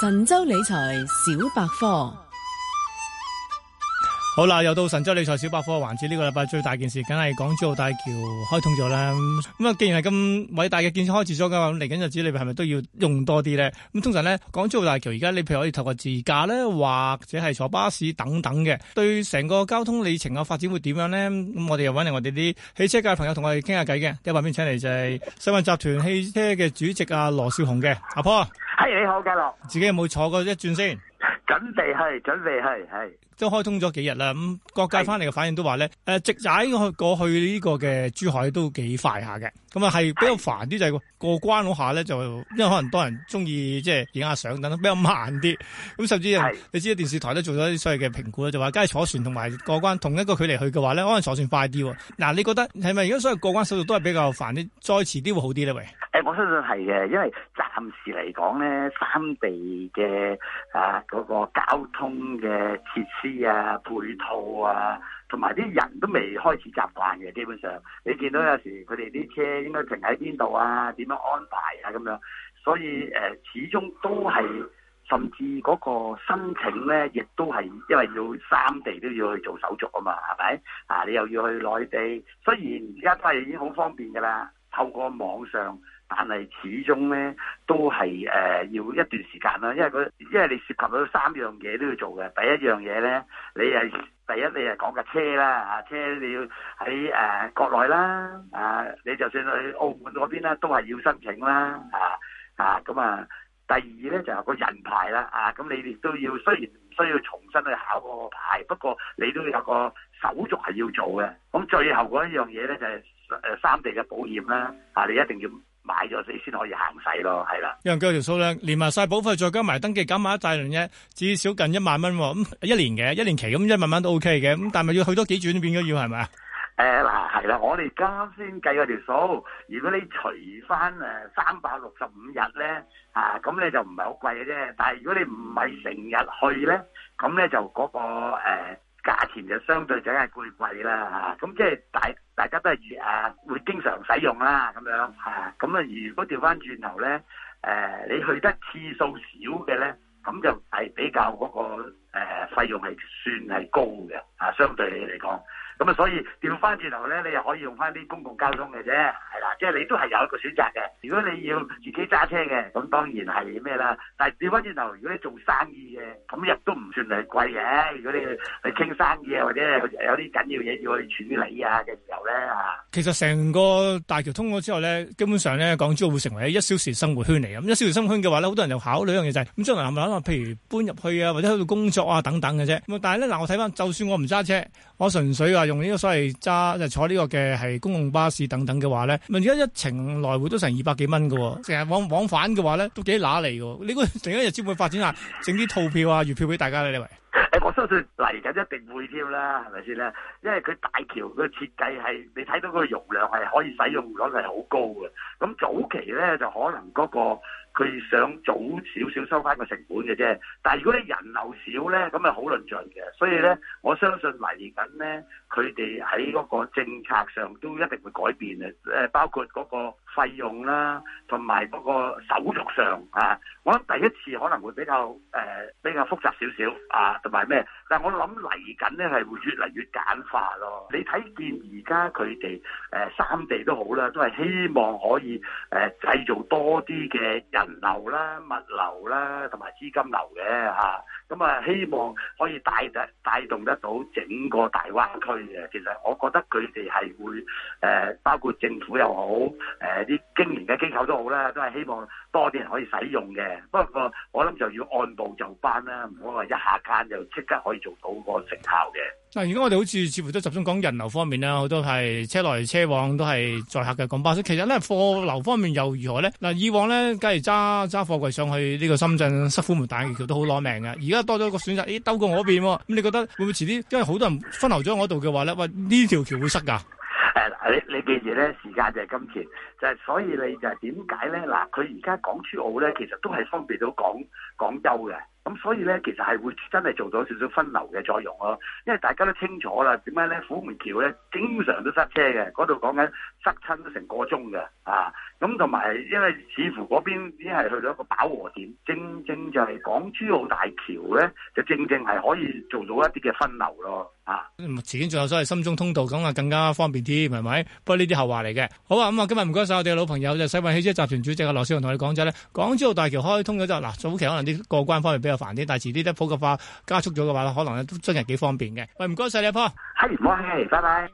神州理財小百科，好啦，又到神州理財小百科環節。呢個禮拜最大件事，梗係港珠澳大橋開通咗啦。咁、嗯、啊，既然係咁偉大嘅建設開始咗㗎,咁嚟緊日子裏邊係咪都要用多啲咧？咁通常咧，港珠澳大橋而家你譬如可以透過自駕咧，或者係坐巴士等等嘅，對成個交通里程嘅發展會點樣咧？咁、嗯、我哋又搵嚟我哋啲汽車界嘅朋友同我哋傾下偈嘅。喺旁邊請嚟就係世運集團汽車嘅主席阿羅少雄嘅阿婆。係、hey, 你好，家樂。自己有冇坐過一轉先？準備係，準備係，係。都開通咗幾日啦，咁、嗯、各界翻嚟嘅反應都話咧，誒是、呃，直仔去過去呢個嘅珠海都幾快下嘅，咁啊係比較煩啲是就過關嗰下咧，就因為可能多人中意即係影下相等等，比較慢啲。咁、嗯、甚至係是你知啦，電視台都做咗啲所謂嘅評估啦，就話梗係坐船同埋過關同一個距離去嘅話咧，可能坐船快啲、哦。嗱、啊，你覺得係咪如果所謂過關手續都係比較煩啲，再遲啲會好啲咧？喂？誒，我相信係嘅，因為暫時嚟講咧，三地嘅啊嗰個交通嘅設施啊、配套啊，同埋啲人都未開始習慣嘅，基本上你見到有時佢哋啲車應該停喺邊度啊？點樣安排啊？咁樣，所以誒、啊，始終都係，甚至嗰個申請咧，亦都係因為要三地都要去做手續吖嘛，係咪？啊，你又要去內地，雖然而家都係已經好方便噶啦，透過網上。但係始終咧都係誒、呃、要一段時間啦，因為因為你涉及到三樣嘢都要做嘅。第一樣嘢咧，你係第一你係講架車啦，啊車你要喺誒、呃、國內啦，啊你就算去澳門嗰邊啦，都係要申請啦，啊啊咁啊。第二咧就係、是、個人牌啦，啊咁你亦都要雖然唔需要重新去考個牌，不過你都有個手續係要做嘅。咁最後嗰一樣嘢咧就係、是、三地嘅保險啦，啊你一定要。買咗你先可以行駛咯，係啦。因為嗰條數咧，連埋晒保費，再加埋登記，減埋一大量啫，至少近一萬蚊喎。咁、嗯、一年嘅，一年期咁一,一萬蚊都 O K 嘅。咁但係要去多，多幾轉變咗要係咪啊？誒嗱，係啦、呃，我哋啱先計嗰條數。如果你除翻誒三百六十五日咧，啊咁咧、啊、就唔係好貴嘅啫。但係如果你唔係成日去咧，咁咧就嗰、那個、啊價錢就相對就係貴貴啦嚇，咁即係大大家都係誒、啊、會經常使用啦咁樣，嚇咁啊如果調翻轉頭咧，誒、呃、你去得次數少嘅咧，咁就係比較嗰、那個誒、呃、費用係算係高嘅，啊相對嚟講，咁啊所以調翻轉頭咧，你又可以用翻啲公共交通嘅啫。嗱，即係你都係有一個選擇嘅。如果你要自己揸車嘅，咁當然係咩啦？但係調翻轉頭，如果你做生意嘅，咁亦都唔算係貴嘅。如果你係傾生意或者有啲緊要嘢要我哋處理啊嘅時候咧嚇，其實成個大橋通咗之後咧，基本上咧港珠澳會成為一小時生活圈嚟。咁一小時生活圈嘅話咧，好多人又考慮一樣嘢就係咁，將來諗諗下，譬如搬入去啊，或者去到工作啊等等嘅啫。咁但係咧，嗱，我睇翻，就算我唔揸車，我純粹話用呢個所謂揸就坐呢個嘅係公共巴士等等嘅話咧。問而家一程來回都成二百幾蚊㗎喎，成日往往返嘅話咧，都幾乸嚟嘅喎。你估成一日先會發展下，整啲套票啊、月票俾大家咧，你話？相信嚟緊一定會添啦，係咪先咧？因為佢大橋嘅設計係，你睇到嗰個容量係可以使用率係好高嘅。咁早期咧就可能嗰個佢想早少少收翻個成本嘅啫。但係如果你人流少咧，咁咪好論盡嘅。所以咧，我相信嚟緊咧，佢哋喺嗰個政策上都一定會改變嘅。誒，包括嗰個，費用啦，同埋嗰個手續上啊，我諗第一次可能會比較誒、呃、比較複雜少少啊，同埋咩？但係我諗嚟緊呢係會越嚟越簡化咯。你睇見而家佢哋誒三地都好啦，都係希望可以誒、呃、製造多啲嘅人流啦、物流啦，同埋資金流嘅嚇。啊。咁啊，希望可以帶得帶動得到整個大灣區嘅。其實我覺得佢哋係會誒，包括政府又好，誒啲經營嘅機構都好啦，都係希望多啲人可以使用嘅。不過我諗就要按部就班啦，唔好話一下間就即刻可以做到個成效嘅。嗱，而家我哋好似似乎都集中講人流方面啦，好多係車來車往都係載客嘅港巴士。其實咧，貨流方面又如何咧？嗱，以往咧，假如揸揸貨櫃上去呢個深圳塞虎門大橋都好攞命㗎。而家多咗一個選擇，咦，兜過我邊喎？咁、嗯、你覺得會唔會遲啲？因為好多人分流咗我度嘅話咧，喂，呢條橋會塞㗎、啊？你你記住咧，時間就係金錢，就係、是、所以你就係點解咧？嗱，佢而家港珠澳咧，其實都係分別到廣廣州嘅。咁、嗯、所以咧，其實係會真係做到少少分流嘅作用咯。因為大家都清楚啦，點解咧，虎門橋咧經常都塞車嘅，嗰度講緊塞親都成個鐘嘅啊。咁同埋因為似乎嗰邊已經係去到一個飽和點，正正就係港珠澳大橋咧，就正正係可以做到一啲嘅分流咯啊。遲啲仲有所謂深中通道咁啊，更加方便啲，係咪？不過呢啲後話嚟嘅。好啊，咁、嗯、啊，今日唔該晒我哋嘅老朋友就世運汽車集團主席嘅羅少雄同你講咗咧，港珠澳大橋開通咗之後，嗱，早期可能啲過關方面比較。但是遲啲咧普及化加速咗嘅話，可能真係幾方便嘅。喂，唔該晒你，阿婆是。係唔該，拜拜。